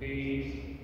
the